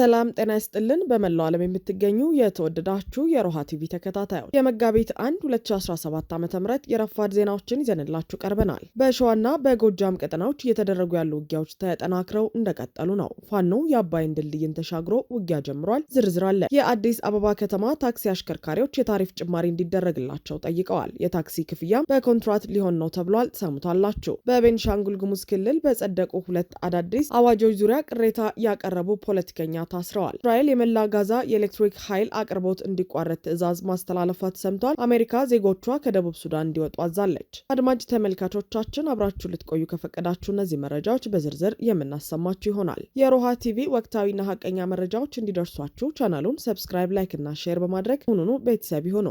ሰላም ጤና ይስጥልን። በመላው ዓለም የምትገኙ የተወደዳችሁ የሮሃ ቲቪ ተከታታዮች የመጋቢት 1 2017 ዓ ም የረፋድ ዜናዎችን ይዘንላችሁ ቀርበናል። በሸዋና በጎጃም ቀጠናዎች እየተደረጉ ያሉ ውጊያዎች ተጠናክረው እንደቀጠሉ ነው። ፋኖ የአባይን ድልድይን ተሻግሮ ውጊያ ጀምሯል። ዝርዝር አለ። የአዲስ አበባ ከተማ ታክሲ አሽከርካሪዎች የታሪፍ ጭማሪ እንዲደረግላቸው ጠይቀዋል። የታክሲ ክፍያም በኮንትራት ሊሆን ነው ተብሏል። ሰሙታላችሁ። በቤንሻንጉል ጉሙዝ ክልል በጸደቁ ሁለት አዳዲስ አዋጆች ዙሪያ ቅሬታ ያቀረቡ ፖለቲከኛ ታስረዋል። እስራኤል የመላ ጋዛ የኤሌክትሪክ ኃይል አቅርቦት እንዲቋረጥ ትዕዛዝ ማስተላለፏ ተሰምቷል። አሜሪካ ዜጎቿ ከደቡብ ሱዳን እንዲወጡ አዛለች። አድማጭ ተመልካቾቻችን አብራችሁ ልትቆዩ ከፈቀዳችሁ እነዚህ መረጃዎች በዝርዝር የምናሰማችሁ ይሆናል። የሮሃ ቲቪ ወቅታዊና ሀቀኛ መረጃዎች እንዲደርሷችሁ ቻናሉን ሰብስክራይብ፣ ላይክ እና ሼር በማድረግ ሁኑኑ ቤተሰብ ይሁኑ።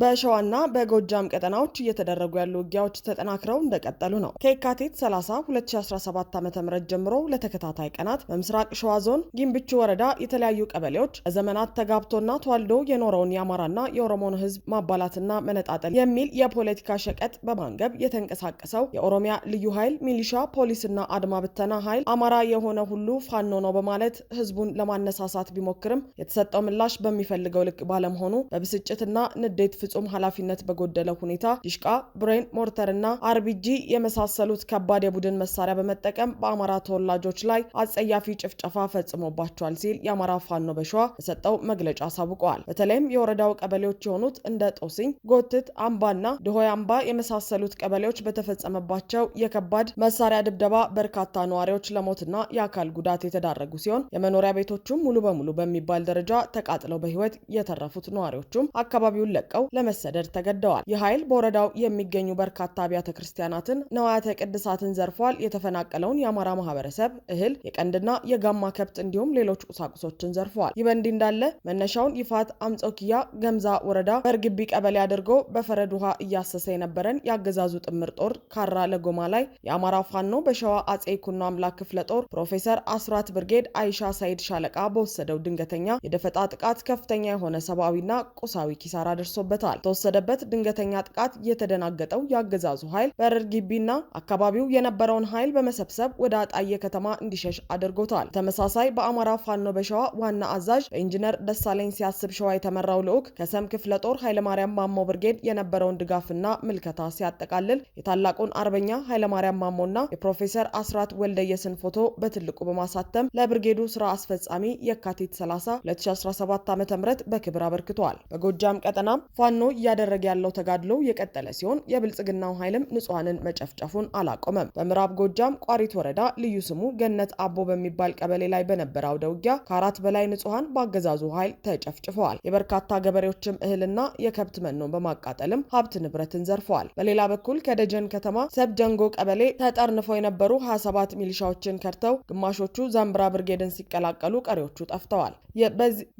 በሸዋና በጎጃም ቀጠናዎች እየተደረጉ ያሉ ውጊያዎች ተጠናክረው እንደቀጠሉ ነው። ከየካቲት 30 2017 ዓ ም ጀምሮ ለተከታታይ ቀናት በምስራቅ ሸዋ ዞን ጊንብቹ ወረዳ የተለያዩ ቀበሌዎች በዘመናት ተጋብቶና ተዋልዶ የኖረውን የአማራና የኦሮሞን ህዝብ ማባላትና መነጣጠል የሚል የፖለቲካ ሸቀጥ በማንገብ የተንቀሳቀሰው የኦሮሚያ ልዩ ኃይል ሚሊሻ፣ ፖሊስና አድማ ብተና ኃይል አማራ የሆነ ሁሉ ፋኖ ነው በማለት ህዝቡን ለማነሳሳት ቢሞክርም የተሰጠው ምላሽ በሚፈልገው ልክ ባለመሆኑ በብስጭትና ንዴት ፍጹም ኃላፊነት በጎደለው ሁኔታ ዲሽቃ፣ ብሬን ሞርተር እና አርቢጂ የመሳሰሉት ከባድ የቡድን መሳሪያ በመጠቀም በአማራ ተወላጆች ላይ አጸያፊ ጭፍጨፋ ፈጽሞባቸዋል ሲል የአማራ ፋኖ በሸዋ በሰጠው መግለጫ አሳውቀዋል። በተለይም የወረዳው ቀበሌዎች የሆኑት እንደ ጦስኝ፣ ጎትት አምባና ድሆይ አምባ የመሳሰሉት ቀበሌዎች በተፈጸመባቸው የከባድ መሳሪያ ድብደባ በርካታ ነዋሪዎች ለሞትና የአካል ጉዳት የተዳረጉ ሲሆን የመኖሪያ ቤቶቹም ሙሉ በሙሉ በሚባል ደረጃ ተቃጥለው በህይወት የተረፉት ነዋሪዎቹም አካባቢውን ለቀው ለመሰደድ ተገደዋል። ይህ ኃይል በወረዳው የሚገኙ በርካታ አብያተ ክርስቲያናትን፣ ነዋያተ ቅድሳትን ዘርፏል። የተፈናቀለውን የአማራ ማህበረሰብ እህል፣ የቀንድና የጋማ ከብት እንዲሁም ሌሎች ቁሳቁሶችን ዘርፈዋል። ይህ በእንዲህ እንዳለ መነሻውን ይፋት አምጾኪያ ገምዛ ወረዳ በእርግቢ ቀበሌ አድርጎ በፈረድ ውሃ እያሰሰ የነበረን የአገዛዙ ጥምር ጦር ካራ ለጎማ ላይ የአማራ ፋኖ በሸዋ አጼ ይኩኖ አምላክ ክፍለ ጦር ፕሮፌሰር አስራት ብርጌድ አይሻ ሳይድ ሻለቃ በወሰደው ድንገተኛ የደፈጣ ጥቃት ከፍተኛ የሆነ ሰብአዊና ቁሳዊ ኪሳራ ደርሶበት ተገኝቶበታል። ተወሰደበት ድንገተኛ ጥቃት የተደናገጠው የአገዛዙ ኃይል በረር ግቢና አካባቢው የነበረውን ኃይል በመሰብሰብ ወደ አጣየ ከተማ እንዲሸሽ አድርጎታል። ተመሳሳይ በአማራ ፋኖ በሸዋ ዋና አዛዥ በኢንጂነር ደሳለኝ ሲያስብ ሸዋ የተመራው ልዑክ ከሰም ክፍለ ጦር ኃይለማርያም ማሞ ብርጌድ የነበረውን ድጋፍና ምልከታ ሲያጠቃልል የታላቁን አርበኛ ኃይለማርያም ማሞና የፕሮፌሰር አስራት ወልደየስን ፎቶ በትልቁ በማሳተም ለብርጌዱ ስራ አስፈጻሚ የካቲት 30 2017 ዓ ም በክብር አበርክቷል። በጎጃም ቀጠና ፋኖ እያደረገ ያለው ተጋድሎ የቀጠለ ሲሆን የብልጽግናው ኃይልም ንጹሐንን መጨፍጨፉን አላቆመም። በምዕራብ ጎጃም ቋሪት ወረዳ ልዩ ስሙ ገነት አቦ በሚባል ቀበሌ ላይ በነበረ አውደ ውጊያ ከአራት በላይ ንጹሐን በአገዛዙ ኃይል ተጨፍጭፈዋል። የበርካታ ገበሬዎችም እህልና የከብት መኖ በማቃጠልም ሀብት ንብረትን ዘርፈዋል። በሌላ በኩል ከደጀን ከተማ ሰብ ጀንጎ ቀበሌ ተጠርንፈው የነበሩ 27 ሚሊሻዎችን ከድተው ግማሾቹ ዘንብራ ብርጌድን ሲቀላቀሉ ቀሪዎቹ ጠፍተዋል።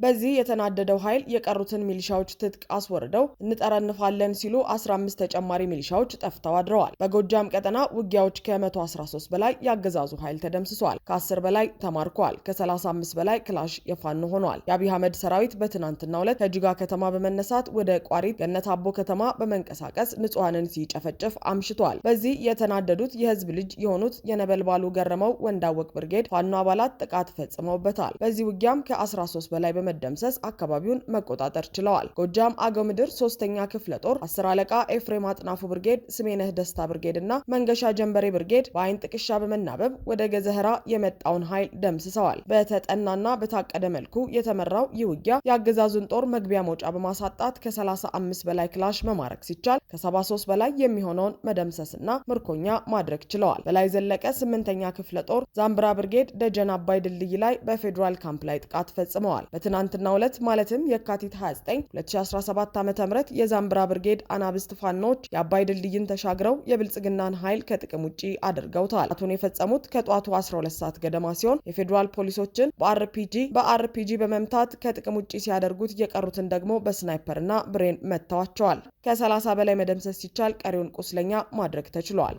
በዚህ የተናደደው ኃይል የቀሩትን ሚሊሻዎች ትጥቅ አስወርደው ተሰማርተው እንጠረንፋለን ሲሉ 15 ተጨማሪ ሚሊሻዎች ጠፍተው አድረዋል። በጎጃም ቀጠና ውጊያዎች ከ113 በላይ የአገዛዙ ኃይል ተደምስሷል። ከ10 በላይ ተማርኳል። ከ35 በላይ ክላሽ የፋኖ ሆኗል። የአብይ አህመድ ሰራዊት በትናንትናው ዕለት ከጅጋ ከተማ በመነሳት ወደ ቋሪት ገነት አቦ ከተማ በመንቀሳቀስ ንጹሐንን ሲጨፈጭፍ አምሽቷል። በዚህ የተናደዱት የህዝብ ልጅ የሆኑት የነበልባሉ ገረመው ወንዳወቅ ብርጌድ ፋኖ አባላት ጥቃት ፈጽመውበታል። በዚህ ውጊያም ከ13 በላይ በመደምሰስ አካባቢውን መቆጣጠር ችለዋል። ጎጃም አገው ምድር ብርጌድ ሶስተኛ ክፍለ ጦር አስር አለቃ ኤፍሬም አጥናፉ ብርጌድ፣ ስሜነህ ደስታ ብርጌድ እና መንገሻ ጀንበሬ ብርጌድ በአይን ጥቅሻ በመናበብ ወደ ገዘህራ የመጣውን ኃይል ደምስሰዋል። በተጠናና በታቀደ መልኩ የተመራው ይህ ውጊያ የአገዛዙን ጦር መግቢያ መውጫ በማሳጣት ከ35 በላይ ክላሽ መማረክ ሲቻል ከ73 በላይ የሚሆነውን መደምሰስና ምርኮኛ ማድረግ ችለዋል። በላይ ዘለቀ ስምንተኛ ክፍለ ጦር ዛምብራ ብርጌድ ደጀን አባይ ድልድይ ላይ በፌዴራል ካምፕ ላይ ጥቃት ፈጽመዋል። በትናንትናው ዕለት ማለትም የካቲት 29 2017 ዓ.ም ም የዛምብራ ብርጌድ አናብስት ፋኖች የአባይ ድልድይን ተሻግረው የብልጽግናን ኃይል ከጥቅም ውጭ አድርገውታል። አቱን የፈጸሙት ከጠዋቱ 12 ሰዓት ገደማ ሲሆን የፌዴራል ፖሊሶችን በአርፒጂ በአርፒጂ በመምታት ከጥቅም ውጭ ሲያደርጉት የቀሩትን ደግሞ በስናይፐርና ብሬን መጥተዋቸዋል። ከ30 በላይ መደምሰስ ሲቻል ቀሪውን ቁስለኛ ማድረግ ተችሏል።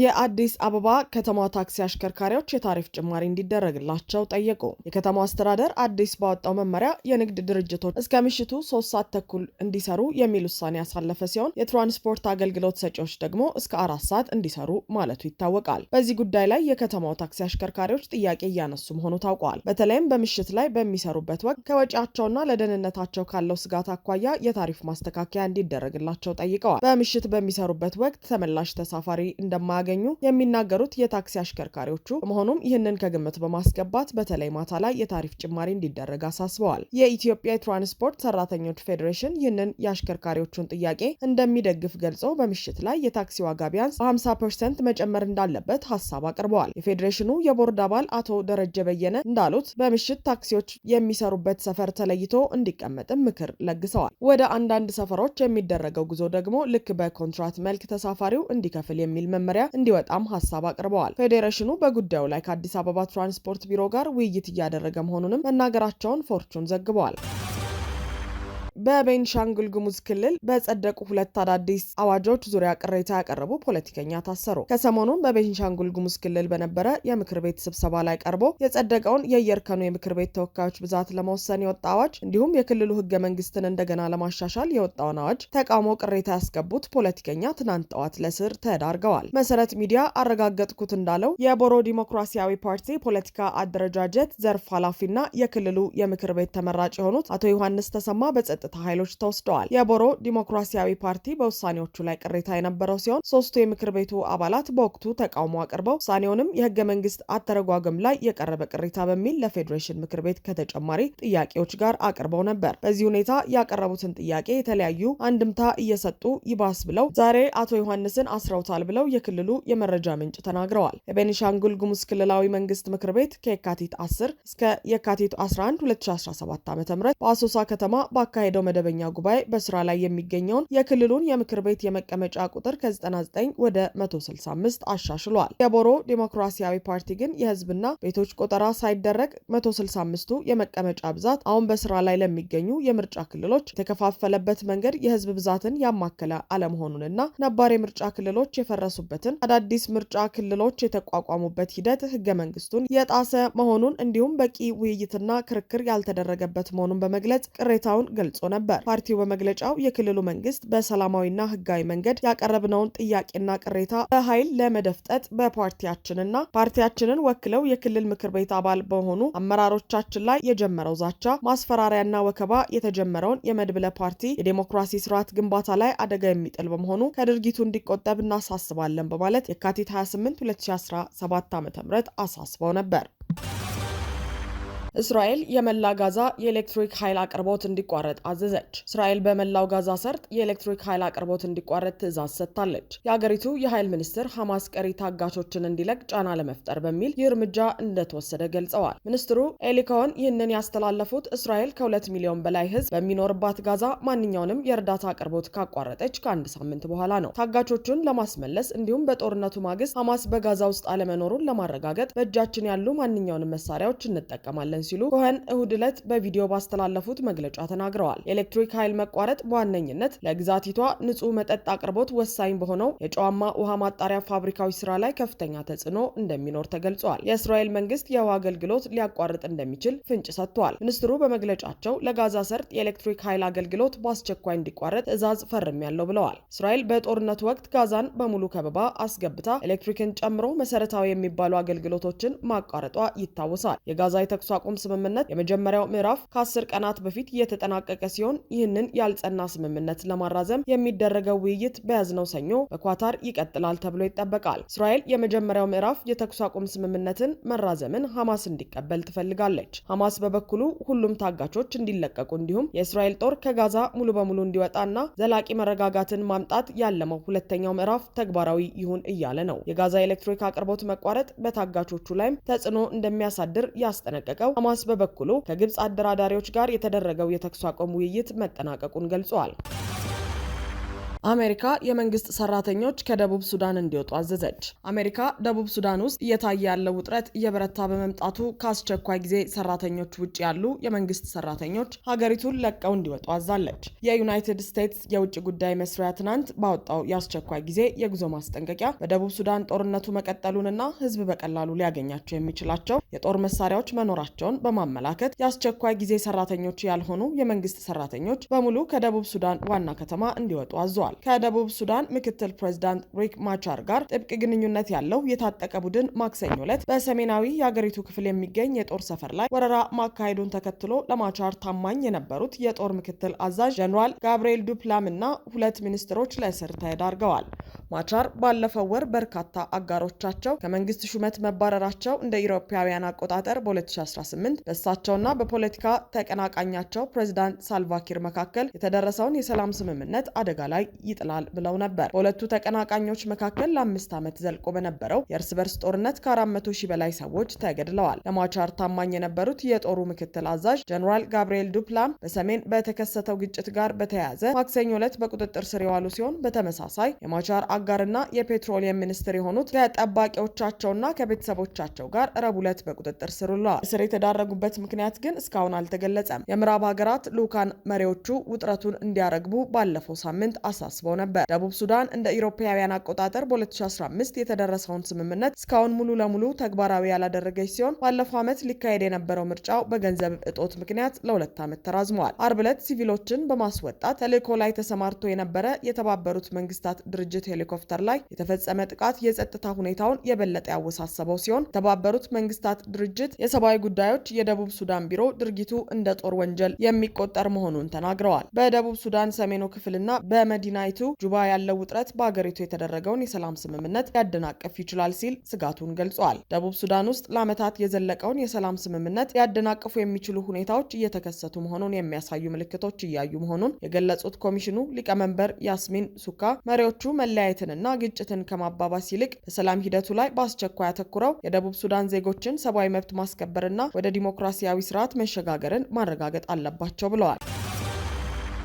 የአዲስ አበባ ከተማ ታክሲ አሽከርካሪዎች የታሪፍ ጭማሪ እንዲደረግላቸው ጠየቁ። የከተማው አስተዳደር አዲስ ባወጣው መመሪያ የንግድ ድርጅቶች እስከ ምሽቱ ሶስት ሰዓት ተኩል እንዲሰሩ የሚል ውሳኔ ያሳለፈ ሲሆን የትራንስፖርት አገልግሎት ሰጪዎች ደግሞ እስከ አራት ሰዓት እንዲሰሩ ማለቱ ይታወቃል። በዚህ ጉዳይ ላይ የከተማው ታክሲ አሽከርካሪዎች ጥያቄ እያነሱ መሆኑ ታውቋል። በተለይም በምሽት ላይ በሚሰሩበት ወቅት ከወጪያቸውና ለደህንነታቸው ካለው ስጋት አኳያ የታሪፍ ማስተካከያ እንዲደረግላቸው ጠይቀዋል። በምሽት በሚሰሩበት ወቅት ተመላሽ ተሳፋሪ እንደማያ እንዳገኙ የሚናገሩት የታክሲ አሽከርካሪዎቹ፣ በመሆኑም ይህንን ከግምት በማስገባት በተለይ ማታ ላይ የታሪፍ ጭማሪ እንዲደረግ አሳስበዋል። የኢትዮጵያ የትራንስፖርት ሰራተኞች ፌዴሬሽን ይህንን የአሽከርካሪዎቹን ጥያቄ እንደሚደግፍ ገልጾ በምሽት ላይ የታክሲ ዋጋ ቢያንስ በ50 ፐርሰንት መጨመር እንዳለበት ሀሳብ አቅርበዋል። የፌዴሬሽኑ የቦርድ አባል አቶ ደረጀ በየነ እንዳሉት በምሽት ታክሲዎች የሚሰሩበት ሰፈር ተለይቶ እንዲቀመጥም ምክር ለግሰዋል። ወደ አንዳንድ ሰፈሮች የሚደረገው ጉዞ ደግሞ ልክ በኮንትራት መልክ ተሳፋሪው እንዲከፍል የሚል መመሪያ እንዲወጣም ሀሳብ አቅርበዋል። ፌዴሬሽኑ በጉዳዩ ላይ ከአዲስ አበባ ትራንስፖርት ቢሮ ጋር ውይይት እያደረገ መሆኑንም መናገራቸውን ፎርቹን ዘግበዋል። በቤንሻንጉል ጉሙዝ ክልል በጸደቁ ሁለት አዳዲስ አዋጆች ዙሪያ ቅሬታ ያቀረቡ ፖለቲከኛ ታሰሩ። ከሰሞኑም በቤንሻንጉል ጉሙዝ ክልል በነበረ የምክር ቤት ስብሰባ ላይ ቀርቦ የጸደቀውን የየእርከኑ የምክር ቤት ተወካዮች ብዛት ለመወሰን የወጣ አዋጅ እንዲሁም የክልሉ ህገ መንግስትን እንደገና ለማሻሻል የወጣውን አዋጅ ተቃውሞ ቅሬታ ያስገቡት ፖለቲከኛ ትናንት ጠዋት ለስር ተዳርገዋል። መሰረት ሚዲያ አረጋገጥኩት እንዳለው የቦሮ ዲሞክራሲያዊ ፓርቲ ፖለቲካ አደረጃጀት ዘርፍ ኃላፊና የክልሉ የምክር ቤት ተመራጭ የሆኑት አቶ ዮሐንስ ተሰማ በጸጥ የጸጥታ ኃይሎች ተወስደዋል። የቦሮ ዲሞክራሲያዊ ፓርቲ በውሳኔዎቹ ላይ ቅሬታ የነበረው ሲሆን ሶስቱ የምክር ቤቱ አባላት በወቅቱ ተቃውሞ አቅርበው ውሳኔውንም የህገ መንግስት አተረጓጎም ላይ የቀረበ ቅሬታ በሚል ለፌዴሬሽን ምክር ቤት ከተጨማሪ ጥያቄዎች ጋር አቅርበው ነበር። በዚህ ሁኔታ ያቀረቡትን ጥያቄ የተለያዩ አንድምታ እየሰጡ ይባስ ብለው ዛሬ አቶ ዮሐንስን አስረውታል ብለው የክልሉ የመረጃ ምንጭ ተናግረዋል። የቤኒሻንጉል ጉሙዝ ክልላዊ መንግስት ምክር ቤት ከየካቲት 10 እስከ የካቲት 11 2017 ዓ ም በአሶሳ ከተማ በአካሄደ በተካሄደው መደበኛ ጉባኤ በስራ ላይ የሚገኘውን የክልሉን የምክር ቤት የመቀመጫ ቁጥር ከ99 ወደ 165 አሻሽሏል። የቦሮ ዴሞክራሲያዊ ፓርቲ ግን የህዝብና ቤቶች ቆጠራ ሳይደረግ 165ቱ የመቀመጫ ብዛት አሁን በስራ ላይ ለሚገኙ የምርጫ ክልሎች የተከፋፈለበት መንገድ የህዝብ ብዛትን ያማከለ አለመሆኑንና ነባር የምርጫ ክልሎች የፈረሱበትን አዳዲስ ምርጫ ክልሎች የተቋቋሙበት ሂደት ህገ መንግስቱን የጣሰ መሆኑን እንዲሁም በቂ ውይይትና ክርክር ያልተደረገበት መሆኑን በመግለጽ ቅሬታውን ገልጿል። ነበር። ፓርቲው በመግለጫው የክልሉ መንግስት በሰላማዊና ህጋዊ መንገድ ያቀረብነውን ጥያቄና ቅሬታ በኃይል ለመደፍጠጥ በፓርቲያችንና ፓርቲያችንን ወክለው የክልል ምክር ቤት አባል በሆኑ አመራሮቻችን ላይ የጀመረው ዛቻ፣ ማስፈራሪያና ወከባ የተጀመረውን የመድብለ ፓርቲ የዴሞክራሲ ስርዓት ግንባታ ላይ አደጋ የሚጥል በመሆኑ ከድርጊቱ እንዲቆጠብ እናሳስባለን በማለት የካቲት 28 2017 ዓ ም አሳስበው ነበር። እስራኤል የመላ ጋዛ የኤሌክትሪክ ኃይል አቅርቦት እንዲቋረጥ አዘዘች። እስራኤል በመላው ጋዛ ሰርጥ የኤሌክትሪክ ኃይል አቅርቦት እንዲቋረጥ ትዕዛዝ ሰጥታለች። የአገሪቱ የኃይል ሚኒስትር ሐማስ ቀሪ ታጋቾችን እንዲለቅ ጫና ለመፍጠር በሚል ይህ እርምጃ እንደተወሰደ ገልጸዋል። ሚኒስትሩ ኤሊ ይህንን ያስተላለፉት እስራኤል ከሁለት ሚሊዮን በላይ ህዝብ በሚኖርባት ጋዛ ማንኛውንም የእርዳታ አቅርቦት ካቋረጠች ከአንድ ሳምንት በኋላ ነው። ታጋቾቹን ለማስመለስ እንዲሁም በጦርነቱ ማግስት ሐማስ በጋዛ ውስጥ አለመኖሩን ለማረጋገጥ በእጃችን ያሉ ማንኛውንም መሳሪያዎች እንጠቀማለን ሲሉ ኮኸን እሁድ ዕለት በቪዲዮ ባስተላለፉት መግለጫ ተናግረዋል። የኤሌክትሪክ ኃይል መቋረጥ በዋነኝነት ለግዛቲቷ ንጹህ መጠጥ አቅርቦት ወሳኝ በሆነው የጨዋማ ውሃ ማጣሪያ ፋብሪካዎች ስራ ላይ ከፍተኛ ተጽዕኖ እንደሚኖር ተገልጿል። የእስራኤል መንግስት የውሃ አገልግሎት ሊያቋርጥ እንደሚችል ፍንጭ ሰጥቷል። ሚኒስትሩ በመግለጫቸው ለጋዛ ሰርጥ የኤሌክትሪክ ኃይል አገልግሎት በአስቸኳይ እንዲቋረጥ ትዕዛዝ ፈርሜያለሁ ብለዋል። እስራኤል በጦርነቱ ወቅት ጋዛን በሙሉ ከበባ አስገብታ ኤሌክትሪክን ጨምሮ መሰረታዊ የሚባሉ አገልግሎቶችን ማቋረጧ ይታወሳል። የጋዛ የተኩስ አቁም የአቶም ስምምነት የመጀመሪያው ምዕራፍ ከአስር ቀናት በፊት የተጠናቀቀ ሲሆን ይህንን ያልጸና ስምምነት ለማራዘም የሚደረገው ውይይት በያዝነው ሰኞ በኳታር ይቀጥላል ተብሎ ይጠበቃል። እስራኤል የመጀመሪያው ምዕራፍ የተኩስ አቁም ስምምነትን መራዘምን ሐማስ እንዲቀበል ትፈልጋለች። ሐማስ በበኩሉ ሁሉም ታጋቾች እንዲለቀቁ እንዲሁም የእስራኤል ጦር ከጋዛ ሙሉ በሙሉ እንዲወጣና ዘላቂ መረጋጋትን ማምጣት ያለመው ሁለተኛው ምዕራፍ ተግባራዊ ይሁን እያለ ነው። የጋዛ ኤሌክትሪክ አቅርቦት መቋረጥ በታጋቾቹ ላይም ተጽዕኖ እንደሚያሳድር ያስጠነቀቀው ሐማስ በበኩሉ ከግብፅ አደራዳሪዎች ጋር የተደረገው የተኩስ አቁም ውይይት መጠናቀቁን ገልጿል። አሜሪካ የመንግስት ሰራተኞች ከደቡብ ሱዳን እንዲወጡ አዘዘች። አሜሪካ ደቡብ ሱዳን ውስጥ እየታየ ያለው ውጥረት እየበረታ በመምጣቱ ከአስቸኳይ ጊዜ ሰራተኞች ውጭ ያሉ የመንግስት ሰራተኞች ሀገሪቱን ለቀው እንዲወጡ አዛለች። የዩናይትድ ስቴትስ የውጭ ጉዳይ መስሪያ ትናንት ባወጣው የአስቸኳይ ጊዜ የጉዞ ማስጠንቀቂያ በደቡብ ሱዳን ጦርነቱ መቀጠሉንና ህዝብ በቀላሉ ሊያገኛቸው የሚችላቸው የጦር መሳሪያዎች መኖራቸውን በማመላከት የአስቸኳይ ጊዜ ሰራተኞች ያልሆኑ የመንግስት ሰራተኞች በሙሉ ከደቡብ ሱዳን ዋና ከተማ እንዲወጡ አዟል። ከደቡብ ሱዳን ምክትል ፕሬዚዳንት ሪክ ማቻር ጋር ጥብቅ ግንኙነት ያለው የታጠቀ ቡድን ማክሰኞ ዕለት በሰሜናዊ የአገሪቱ ክፍል የሚገኝ የጦር ሰፈር ላይ ወረራ ማካሄዱን ተከትሎ ለማቻር ታማኝ የነበሩት የጦር ምክትል አዛዥ ጀኔራል ጋብርኤል ዱፕላም እና ሁለት ሚኒስትሮች ለእስር ተዳርገዋል። ማቻር ባለፈው ወር በርካታ አጋሮቻቸው ከመንግስት ሹመት መባረራቸው እንደ ኢሮፓውያን አቆጣጠር በ2018 በእሳቸውና በፖለቲካ ተቀናቃኛቸው ፕሬዚዳንት ሳልቫኪር መካከል የተደረሰውን የሰላም ስምምነት አደጋ ላይ ይጥላል ብለው ነበር። በሁለቱ ተቀናቃኞች መካከል ለአምስት ዓመት ዘልቆ በነበረው የእርስ በርስ ጦርነት ከ 400 ሺህ በላይ ሰዎች ተገድለዋል። ለማቻር ታማኝ የነበሩት የጦሩ ምክትል አዛዥ ጀኔራል ጋብርኤል ዱፕላም በሰሜን በተከሰተው ግጭት ጋር በተያያዘ ማክሰኞ ዕለት በቁጥጥር ስር የዋሉ ሲሆን በተመሳሳይ የማቻር አጋርና የፔትሮሊየም ሚኒስትር የሆኑት ከጠባቂዎቻቸውና ከቤተሰቦቻቸው ጋር ረቡዕ ዕለት በቁጥጥር ስር ውለዋል። እስር የተዳረጉበት ምክንያት ግን እስካሁን አልተገለጸም። የምዕራብ ሀገራት ልዑካን መሪዎቹ ውጥረቱን እንዲያረግቡ ባለፈው ሳምንት አሳስ ተሰብስበው ነበር። ደቡብ ሱዳን እንደ ኢሮፓውያን አቆጣጠር በ2015 የተደረሰውን ስምምነት እስካሁን ሙሉ ለሙሉ ተግባራዊ ያላደረገች ሲሆን ባለፈው ዓመት ሊካሄድ የነበረው ምርጫው በገንዘብ እጦት ምክንያት ለሁለት ዓመት ተራዝመዋል። አርብ ዕለት ሲቪሎችን በማስወጣት ተልእኮ ላይ ተሰማርቶ የነበረ የተባበሩት መንግስታት ድርጅት ሄሊኮፕተር ላይ የተፈጸመ ጥቃት የጸጥታ ሁኔታውን የበለጠ ያወሳሰበው ሲሆን የተባበሩት መንግስታት ድርጅት የሰብአዊ ጉዳዮች የደቡብ ሱዳን ቢሮ ድርጊቱ እንደ ጦር ወንጀል የሚቆጠር መሆኑን ተናግረዋል። በደቡብ ሱዳን ሰሜኑ ክፍልና በመዲና መዲናይቱ ጁባ ያለው ውጥረት በአገሪቱ የተደረገውን የሰላም ስምምነት ሊያደናቀፍ ይችላል ሲል ስጋቱን ገልጿል። ደቡብ ሱዳን ውስጥ ለዓመታት የዘለቀውን የሰላም ስምምነት ሊያደናቅፉ የሚችሉ ሁኔታዎች እየተከሰቱ መሆኑን የሚያሳዩ ምልክቶች እያዩ መሆኑን የገለጹት ኮሚሽኑ ሊቀመንበር ያስሚን ሱካ መሪዎቹ መለያየትንና ግጭትን ከማባባስ ይልቅ በሰላም ሂደቱ ላይ በአስቸኳይ አተኩረው የደቡብ ሱዳን ዜጎችን ሰብአዊ መብት ማስከበርና ወደ ዲሞክራሲያዊ ስርዓት መሸጋገርን ማረጋገጥ አለባቸው ብለዋል።